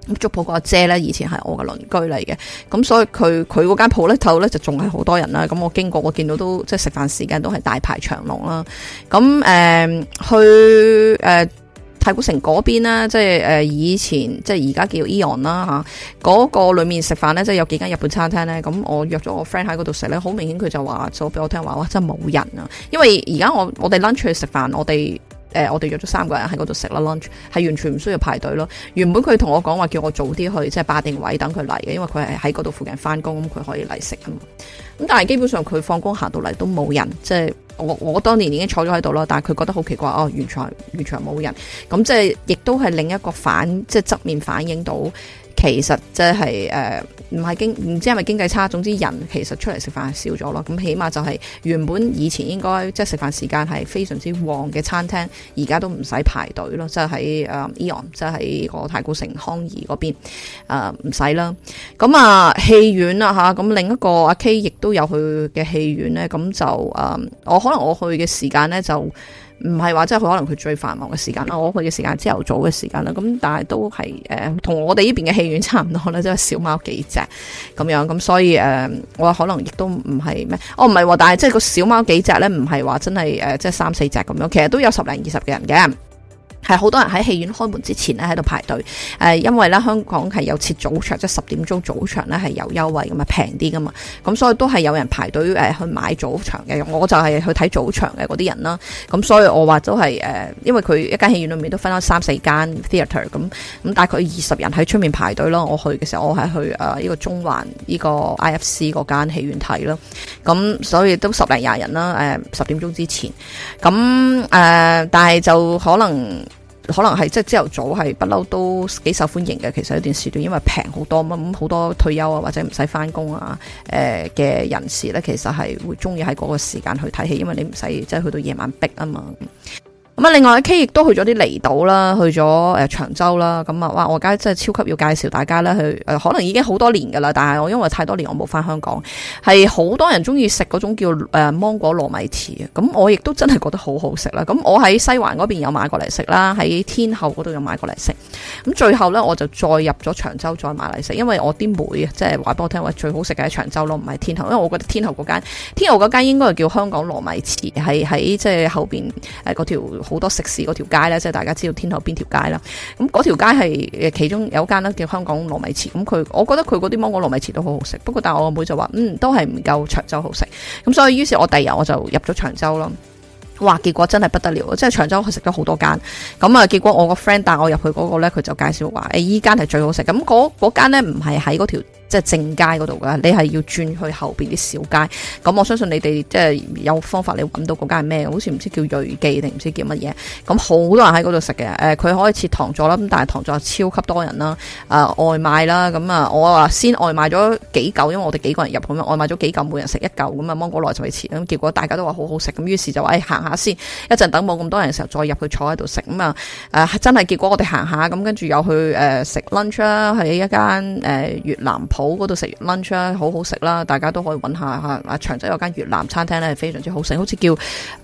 捉粥鋪個阿姐咧，以前係我嘅鄰居嚟嘅，咁所以佢佢嗰間鋪咧頭咧就仲係好多人啦。咁我經過我見到都即係食飯時間都係大排長龍啦。咁誒、呃、去誒、呃、太古城嗰邊啦，即係誒以前即係而家叫 Eon 啦、啊、吓，嗰、嗰個裏面食飯咧，即係有幾間日本餐廳咧。咁我約咗我 friend 喺嗰度食咧，好明顯佢就話咗俾我聽話，哇真係冇人啊！因為而家我我哋 lunch 去食飯，我哋。我誒、呃，我哋約咗三個人喺嗰度食啦 lunch，係完全唔需要排隊咯。原本佢同我講話叫我早啲去，即係霸定位等佢嚟嘅，因為佢係喺嗰度附近翻工，咁佢可以嚟食啊嘛。咁但係基本上佢放工行到嚟都冇人，即係我我當年已經坐咗喺度啦，但係佢覺得好奇怪哦，原來完全冇人。咁即係亦都係另一個反，即係側面反映到。其實即係誒，唔、呃、係經唔知係咪經濟差，總之人其實出嚟食飯少咗咯。咁起碼就係原本以前應該即係食飯時間係非常之旺嘅餐廳，而家都唔使排隊咯。即係喺誒 Eon，即係喺個太古城康怡嗰邊唔使啦。咁、呃、啊戲院啦嚇，咁、啊、另一個阿 K 亦都有去嘅戲院咧。咁就誒、呃，我可能我去嘅時間咧就。唔係話即係佢可能佢最繁忙嘅時間啦，我去佢嘅時間朝頭早嘅時間啦，咁但係都係誒同我哋呢邊嘅戲院差唔多咧，即係小貓幾隻咁樣，咁所以誒我可能亦都唔係咩，我唔係話，但係即係個小貓幾隻咧，唔係話真係誒即係三四隻咁樣，其實都有十零二十人嘅。係好多人喺戲院開門之前咧喺度排隊，誒、呃，因為咧香港係有設早場，即係十點鐘早場咧係有優惠咁啊平啲噶嘛，咁所以都係有人排隊誒、呃、去買早場嘅，我就係去睇早場嘅嗰啲人啦，咁所以我話都係誒、呃，因為佢一間戲院裏面都分咗三四間 theater 咁，咁大概二十人喺出面排隊咯，我去嘅時候我係去誒呢、呃呢個中環呢、呢個 IFC 嗰間戲院睇啦，咁所以都十零廿人啦，誒、呃、十點鐘之前，咁誒、呃、但係就可能。可能係即係朝頭早係不嬲都幾受歡迎嘅，其實一段時段，因為平好多嘛，咁好多退休啊或者唔使翻工啊，誒、呃、嘅人士呢，其實係會中意喺嗰個時間去睇戲，因為你唔使即係去到夜晚逼啊嘛。咁啊，另外 K 亦都去咗啲離島啦，去咗誒長洲啦。咁啊，哇！我而家真係超級要介紹大家咧去誒，可能已經好多年㗎啦。但係我因為太多年我冇翻香港，係好多人中意食嗰種叫誒芒果糯米糍。咁我亦都真係覺得好好食啦。咁我喺西環嗰邊有買過嚟食啦，喺天后嗰度有買過嚟食。咁最後咧，我就再入咗長洲再買嚟食，因為我啲妹啊，即係話俾我聽話最好食嘅喺長洲咯，唔係天后，因為我覺得天后嗰間天后嗰間應該係叫香港糯米糍，係喺即係後邊嗰條。好多食肆嗰條街咧，即係大家知道天后邊條街啦。咁嗰條街係誒其中有一間咧叫香港糯米糍。咁佢，我覺得佢嗰啲芒果糯米糍都好好食。不過，但係我阿妹，妹就話，嗯，都係唔夠長洲好食。咁所以於是，我第二日我就入咗長洲咯。哇！結果真係不得了，即係長洲係食咗好多間。咁啊，結果我個 friend 帶我入去嗰、那個呢，佢就介紹話，誒、欸、依間係最好食。咁嗰嗰間呢，唔係喺嗰條。即係正街嗰度㗎，你係要轉去後邊啲小街。咁我相信你哋即係有方法，你揾到嗰間係咩？好似唔知叫瑞記定唔知叫乜嘢。咁好多人喺嗰度食嘅。誒、呃，佢可以設堂座啦，咁但係堂座超級多人啦。誒、呃，外賣啦，咁啊，我啊先外賣咗幾嚿，因為我哋幾個人入去嘛，外賣咗幾嚿，每人食一嚿咁啊。芒果糯米餈咁，結果大家都話好好食。咁於是就話誒行下先，一陣等冇咁多人嘅時候再入去坐喺度食。咁啊誒，真係結果我哋行下咁，跟住又去誒食 lunch 啦，喺、呃、一間誒、呃、越南。埔嗰度食 lunch 啊，好好食啦！大家都可以揾下嚇。啊，長洲有間越南餐廳呢，非常之好食，好似叫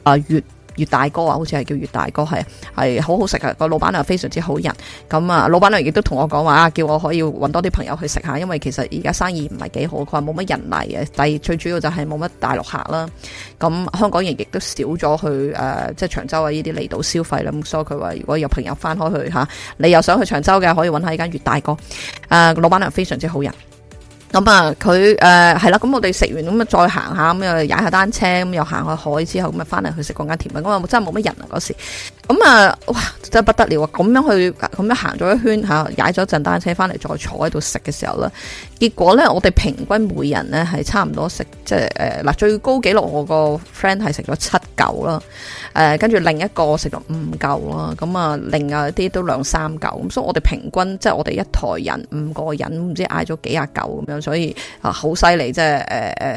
啊越越大哥啊，好似係叫越大哥，係係好好食啊。個老闆娘又非常之好人。咁啊，老闆娘亦都同我講話、啊，叫我可以揾多啲朋友去食下，因為其實而家生意唔係幾好。佢話冇乜人嚟啊，但係最主要就係冇乜大陸客啦。咁香港人亦都少咗去即係、啊就是、長洲啊呢啲離島消費啦。咁所以佢話，如果有朋友翻開去、啊、你又想去長洲嘅，可以揾下呢間越大哥。啊，老闆娘非常之好人。咁啊，佢誒係啦，咁、嗯、我哋食完咁啊，再行下咁又踩下單車，咁又行下海之後，咁啊，翻嚟去食嗰間甜品，我啊，真係冇乜人啊嗰時。咁啊，哇，真係不得了啊！咁樣去咁樣行咗一圈吓，踩咗一陣單車翻嚟，再坐喺度食嘅時候咧，結果咧，我哋平均每人咧係差唔多食，即係誒嗱最高紀錄我個 friend 係食咗七嚿啦，誒跟住另一個食咗五嚿啦，咁啊，另外啲都兩三嚿，咁所以我哋平均即係我哋一台人五個人唔知嗌咗幾廿嚿咁樣，所以啊好犀利即係誒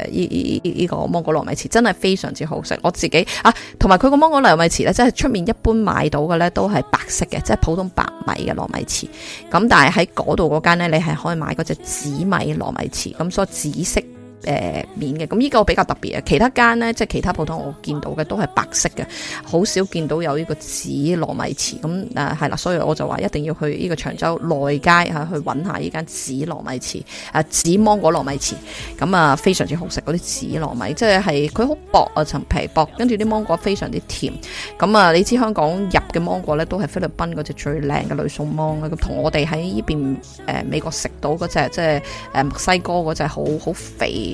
誒依依依個芒果糯米糍真係非常之好食，我自己啊同埋佢個芒果糯米糍咧，真係出面一般。買到嘅呢都係白色嘅，即係普通白米嘅糯米糍。咁但係喺嗰度嗰間呢，你係可以買嗰隻紫米糯米糍。咁所以紫色。誒、呃、面嘅，咁、這、呢個比較特別啊！其他間呢，即係其他鋪頭我見到嘅都係白色嘅，好少見到有呢個紫糯米糍。咁啊，係啦，所以我就話一定要去呢個長洲內街、啊、去揾下呢間紫糯米糍。啊，紫芒果糯米糍咁啊，非常之好食。嗰啲紫糯米，即係佢好薄啊，層皮薄，跟住啲芒果非常之甜，咁啊你知香港入嘅芒果呢都係菲律賓嗰隻最靚嘅呂宋芒果，同我哋喺呢邊、呃、美國食到嗰隻即係、呃、墨西哥嗰隻好好肥。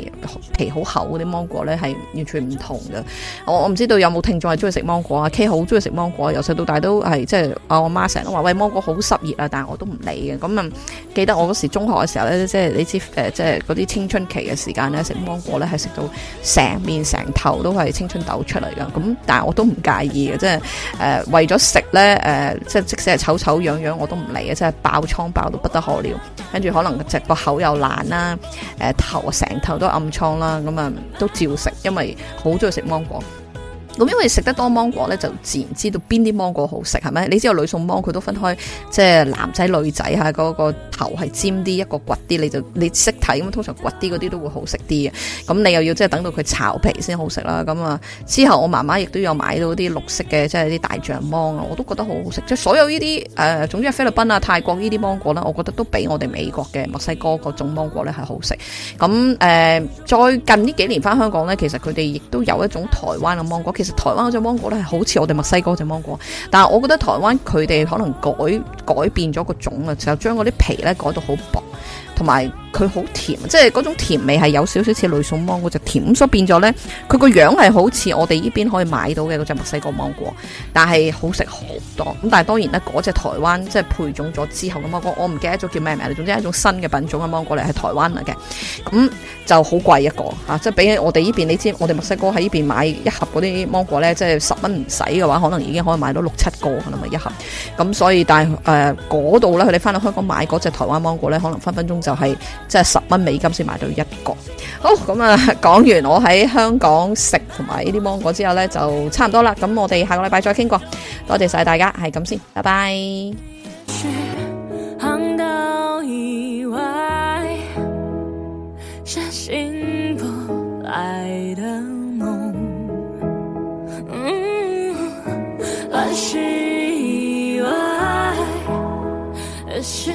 皮好厚嗰啲芒果咧，係完全唔同嘅。我我唔知道有冇聽眾係中意食芒果啊？K 好中意食芒果，由細到大都係即係阿我媽成日都話喂，芒果好濕熱啊，但係我都唔理嘅。咁啊，記得我嗰時中學嘅時候咧，即係你知誒，即係啲青春期嘅時間咧，食芒果咧係食到成面成頭都係青春痘出嚟噶。咁，但我都唔介意嘅，即係誒為咗食咧誒，即係即使係醜醜樣樣我都唔理啊。即係爆瘡爆到不得可了，跟住可能隻個口又爛啦，誒頭成頭都～暗瘡啦，咁啊都照食，因為好中意食芒果。咁因為食得多芒果咧，就自然知道邊啲芒果好食，係咪？你知道呂宋芒佢都分開，即係男仔女仔吓，嗰個頭係尖啲，一個掘啲，你就你識睇。咁通常掘啲嗰啲都會好食啲嘅。咁你又要即係等到佢巢皮先好食啦。咁啊，之後我媽媽亦都有買到啲綠色嘅，即係啲大象芒啊，我都覺得好好食。即係所有呢啲誒，總之菲律賓啊、泰國呢啲芒果啦，我覺得都比我哋美國嘅墨西哥嗰種芒果咧係好食。咁誒、呃，再近呢幾年返香港咧，其實佢哋亦都有一種台灣嘅芒果，台灣嗰隻芒果咧，係好似我哋墨西哥嗰隻芒果，但係我覺得台灣佢哋可能改改變咗個種啊，就將嗰啲皮咧改到好薄，同埋，佢好甜，即係嗰種甜味係有少少似呂宋芒果就甜，咁所以變咗咧，佢個樣係好似我哋呢邊可以買到嘅嗰隻墨西哥芒果，但係好食好多。咁但係當然咧，嗰隻台灣即係配種咗之後嘅芒果，我唔記，記得咗叫咩名啦。總之係一種新嘅品種嘅芒果嚟，係台灣嚟嘅，咁就好貴一個嚇、啊。即係比起我哋呢邊，你知道我哋墨西哥喺呢邊買一盒嗰啲芒果咧，即係十蚊唔使嘅話，可能已經可以買到六七個可能咪一盒。咁所以但係誒嗰度咧，佢哋返到香港買嗰隻台灣芒果咧，可能分分鐘就係、是。即係十蚊美金先買到一個好，好咁啊！講完我喺香港食同埋呢啲芒果之後呢，就差唔多啦。咁我哋下個禮拜再傾過，多謝晒大家，係咁先，拜拜。去意外醒不來的夢、嗯、是外而是